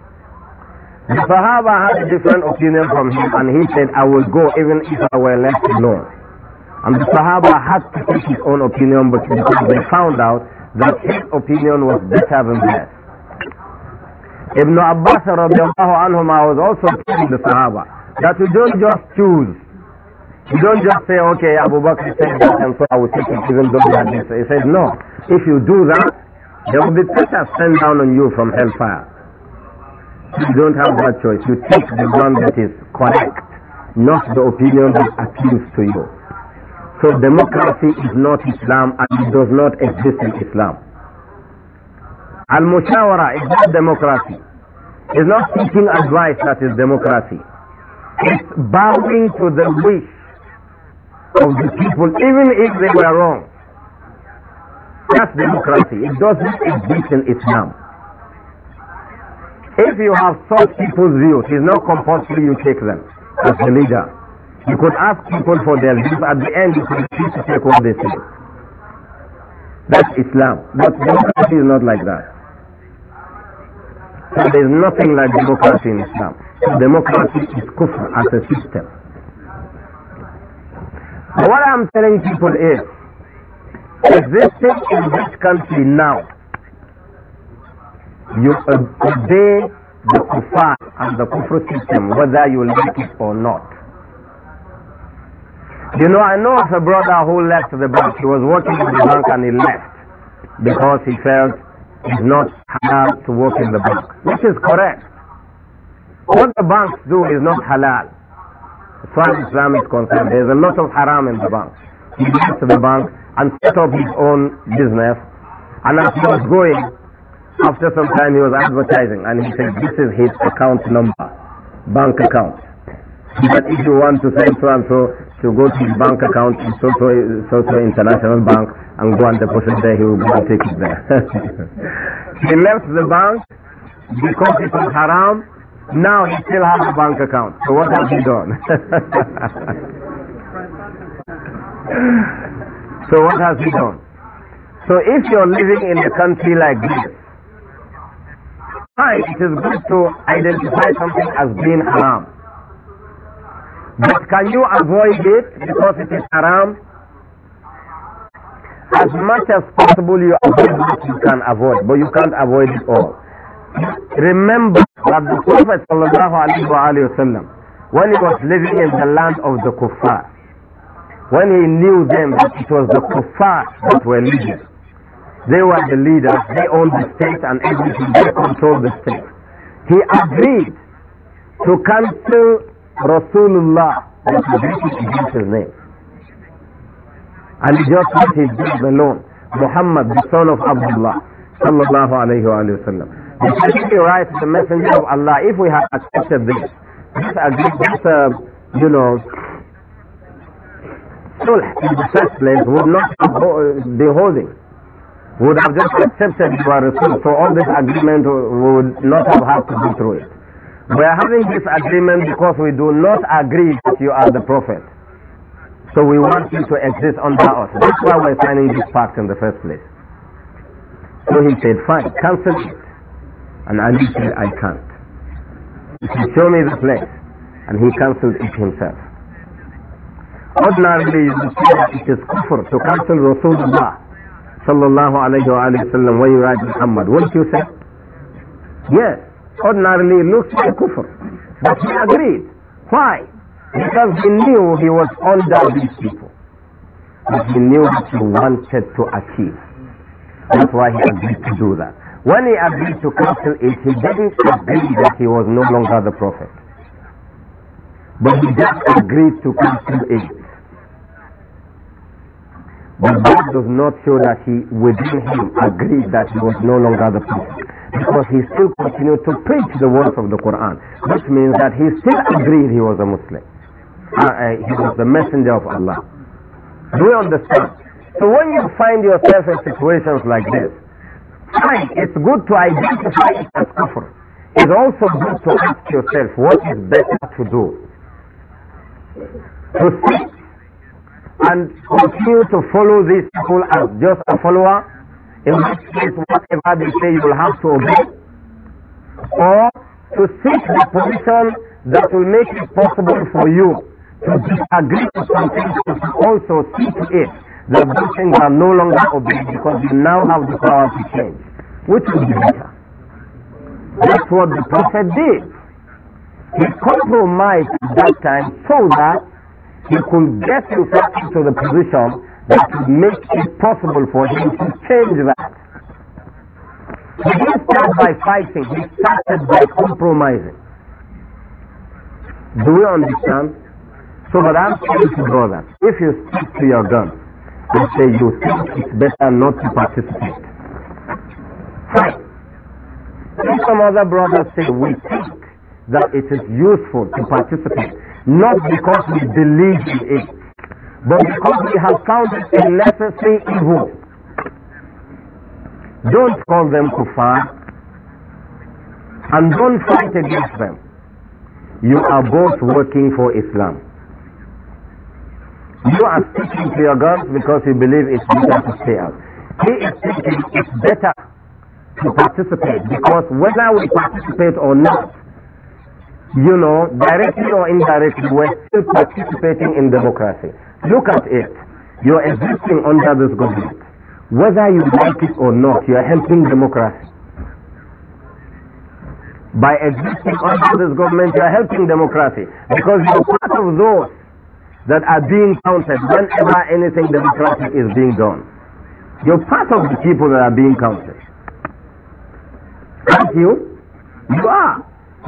The Sahaba had a different opinion from him and he said, I will go even if I were left alone. And the Sahaba had to take his own opinion but because they found out that his opinion was better than theirs. Ibn Abbas al anhuma was also telling the Sahaba that you don't just choose. You don't just say, okay, Abu Bakr said that and so I will take it even though that is. He said, no. If you do that, there will be pressure sent down on you from hellfire. You don't have that choice. You take the one that is correct, not the opinion that appeals to you. So democracy is not Islam and it does not exist in Islam. Al-Mushawara is not democracy. It's not seeking advice that is democracy. It's bowing to the wish of the people, even if they were wrong. That's democracy. It doesn't exist in Islam. If you have such people's views, it's not compulsory you take them as the leader. You could ask people for their views. At the end, you could choose to take what they say. That's Islam. But democracy is not like that. So there is nothing like democracy in Islam. democracy is kufr as a system. But what I'm telling people is, existing in this country now, you obey the kufar and the kufr system, whether you like it or not. You know, I know of a brother who left the bank. He was working in the bank and he left because he felt it's not halal to work in the bank, which is correct. What the banks do is not halal. As far as Islam is concerned, there's a lot of haram in the bank. He left the bank and set up his own business. And as he was going, after some time he was advertising and he said, this is his account number, bank account. But if you want to send so and so, to go to his bank account in Soto, Soto International Bank and go and deposit there. He will go and take it there. he left the bank because it was haram. Now he still has a bank account. So what has he done? so what has he done? So if you're living in a country like this, it is good to identify something as being haram. But can you avoid it because it is haram? As much as possible you avoid what you can avoid, but you can't avoid it all. Remember that the Prophet وسلم, when he was living in the land of the kuffar, when he knew them that it was the kuffar that were leaders. they were the leaders, they owned the state and everything, they controlled the state. He agreed to cancel Rasulullah was against his name. And just what his did alone, Muhammad, the son of Abdullah, sallallahu alayhi wa sallam. He specifically writes the messenger of Allah, if we had accepted this, uh, this, this uh, you know, sulh in the first place would not be holding would have just accepted you are Rasul. So all this agreement would not have had to be through it. We are having this agreement because we do not agree that you are the prophet. So we want you to exist under us. That's why we're signing this pact in the first place. So he said, fine, cancel it. And Ali said, I can't. He said, show me the place. And he cancelled it himself. Ordinarily, you would that it is kufr to cancel Rasulullah sallallahu alayhi wa sallam when you write Muhammad. Wouldn't you say? Yes ordinarily looks like kufr. But he agreed. Why? Because he knew he was under these people. But he knew what he wanted to achieve. That's why he agreed to do that. When he agreed to cancel it, he didn't agree that he was no longer the prophet. But he just agreed to cancel it. But that does not show that he, within him, agreed that he was no longer the prophet because he still continued to preach the words of the Quran, which means that he still agreed he was a Muslim. Uh, uh, he was the messenger of Allah. Do you understand? So when you find yourself in situations like this, fine, it's good to identify it as kufr. It's also good to ask yourself what is better to do. To sit and continue to follow these people as just a follower in which case whatever they say you will have to obey, or to seek the position that will make it possible for you to disagree with something to also seek it the those are no longer obeyed because you now have the power to change. Which is be better? That's what the Prophet did. He compromised at that time so that he could get himself into the position that would make it possible for him to change that. He didn't start by fighting, he started by compromising. Do you understand? So what I'm saying to brothers, if you stick to your gun they say you think it's better not to participate, fine. If some other brothers say we think that it is useful to participate, not because we believe in it, but because we have counted a leprosy evil. Don't call them kuffar and don't fight against them. You are both working for Islam. You are sticking to your guns because you believe it's better to stay out. He is thinking it's better to participate because whether we participate or not, you know, directly or indirectly, we're still participating in democracy. Look at it. You're existing under this government. Whether you like it or not, you're helping democracy. By existing under this government, you're helping democracy because you're part of those that are being counted whenever anything democratic is being done. You're part of the people that are being counted. Aren't you? You are.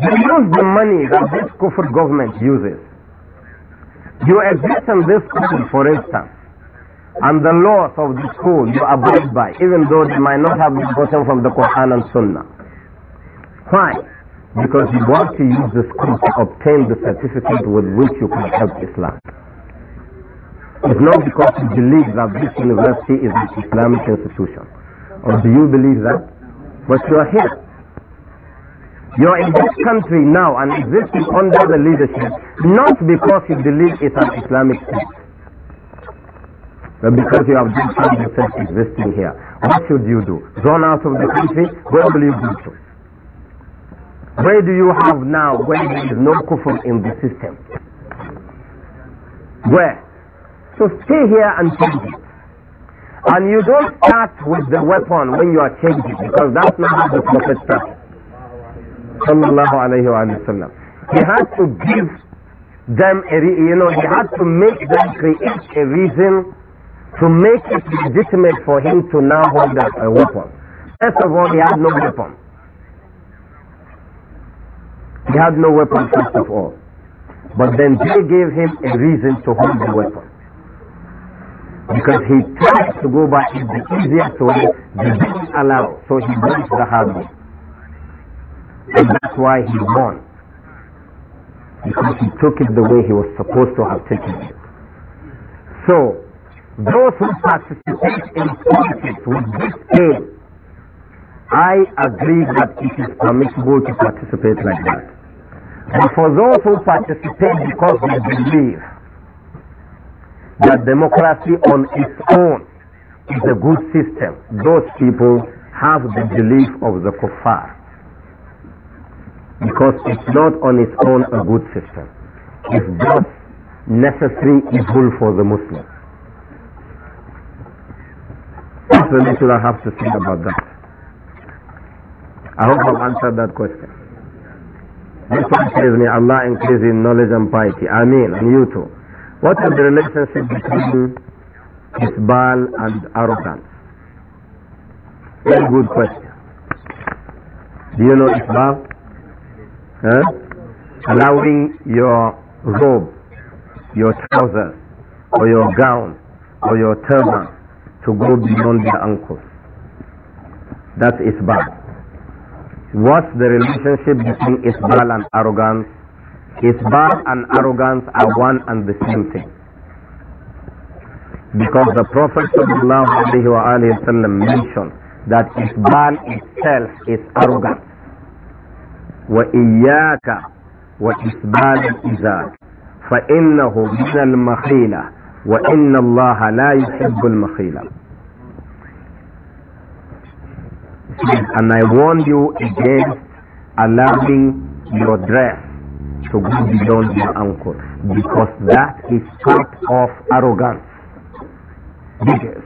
use the money that this kufr government uses you exist in this school, for instance, and the laws of the school you abide by, even though they might not have been gotten from the Quran and Sunnah. Why? Because you want to use the school to obtain the certificate with which you can help Islam. It's not because you believe that this university is an Islamic institution, or do you believe that? But you are here. You're in this country now and existing under the leadership not because you believe it's an Islamic state, but because you have just found yourself existing here. What should you do? Run out of the country? Where will you go to? Where do you have now where there is no kufr in the system? Where? So stay here and change it. And you don't start with the weapon when you are changing because that's not how the Prophet started sallallahu alayhi wa sallam. He had to give them a, you know, he had to make them create a reason to make it legitimate for him to now hold up a weapon. First of all, he had no weapon. He had no weapon, first of all. But then they gave him a reason to hold the weapon. Because he tried to go by the easiest way, they didn't allow, so he went the hard way. And that's why he won. Because he took it the way he was supposed to have taken it. So, those who participate in politics with this aim, I agree that it is permissible to participate like that. And for those who participate because they believe that democracy on its own is a good system, those people have the belief of the kuffar because it's not on its own a good system. It's just necessary evil for the Muslims. That's the little I have to say about that. I hope I've answered that question. This one says, May Allah increase in knowledge and piety. I mean, and you too. What is the relationship between Isbal and arrogance? Very good question. Do you know Isbal? allowing your robe, your trousers, or your gown, or your turban to go beyond the ankles. That is bad. What's the relationship between Isbal and arrogance? Isbal and arrogance are one and the same thing. Because the Prophet ﷺ mentioned that Isbal itself is arrogance wa wa وإياك وإسبال al فإنه wa المخيلة وإن الله لا al المخيلة And I warn you against allowing your dress to go beyond your ankle because that is part of arrogance,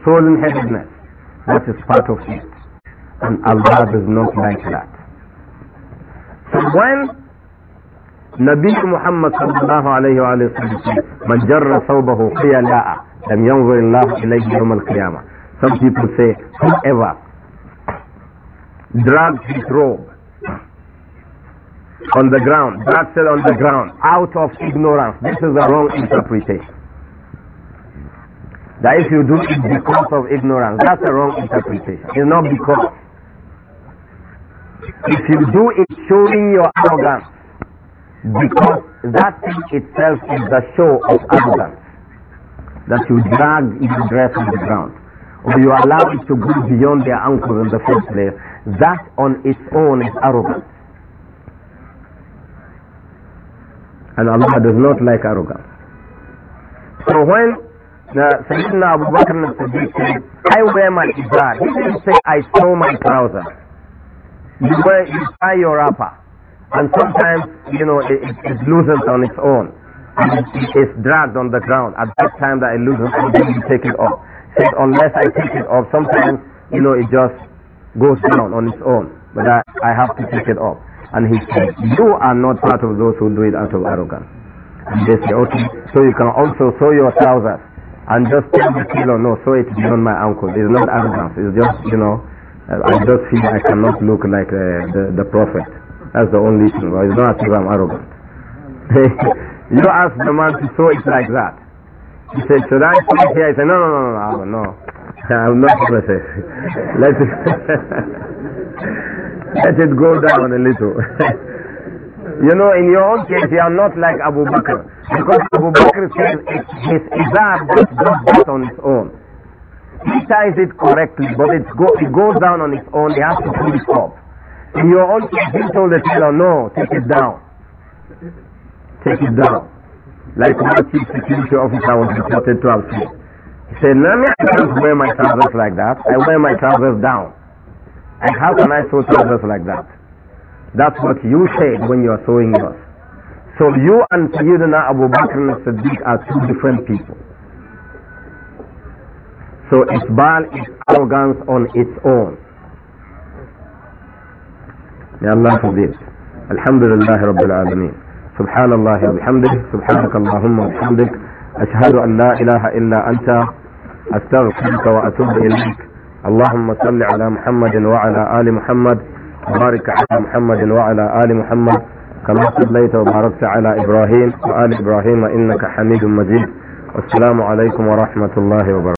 Soul and headedness. That is part of it, and Allah does not like that. When Nabi Muhammad sallallahu alayhi wa sallam من جر ثوبه خيلاء لم ينظر الله إليه يوم القيامة Some people say whoever drag his robe on the ground, drag it on the ground out of ignorance. This is the wrong interpretation. That if you do it because of ignorance, that's a wrong interpretation. It's not because If you do it showing your arrogance, because that thing itself is the show of arrogance, that you drag your dress on the ground, or you allow it to go beyond their ankles in the first place, that on its own is arrogance. And Allah does not like arrogance. So when uh, Sayyidina Abu Bakr al-Siddiq said, I wear my izar, he didn't say, I stole my trousers. You, wear, you tie your wrapper. And sometimes, you know, it, it loosens on its own. It's dragged on the ground. At that time that it loosens, you take it off. so unless I take it off, sometimes, you know, it just goes down on its own. But I, I have to take it off. And he said, you are not part of those who do it out of arrogance. And they say, okay, so you can also sew your trousers and just tell the tailor, no, sew it beyond my ankle. It's not arrogance. It's just, you know, uh, I just feel I cannot look like uh, the, the Prophet. That's the only thing. I it's not if I'm arrogant. you ask the man to sew it like that. He said, should I come here? I said, no, no, no, no, no. I'm not Prophet. Let it, let it go down a little. you know, in your own case, you are not like Abu Bakr. Because Abu Bakr says it's his izab that does that on its own. He ties it correctly, but it, go, it goes down on its own. He has to pull it up. You're also being told the tailor, no, take it down. Take it down. Like one chief security officer was reported to have said. He said, no, I can't wear my trousers like that. I wear my trousers down. And how can I sew trousers like that? That's what you said when you are sewing yours. So you and Sayyidina Abu Bakr and Siddiq are two different people. So Isbal is arrogance on its own. May Allah forbid. Alhamdulillah Rabbil Alameen. سبحان الله وبحمدك سبحانك اللهم وبحمدك أشهد أن لا إله إلا أنت أستغفرك وأتوب إليك اللهم صل على محمد وعلى آل محمد وبارك على محمد وعلى آل محمد كما صليت وباركت على إبراهيم وآل إبراهيم إنك حميد مجيد والسلام عليكم ورحمة الله وبركاته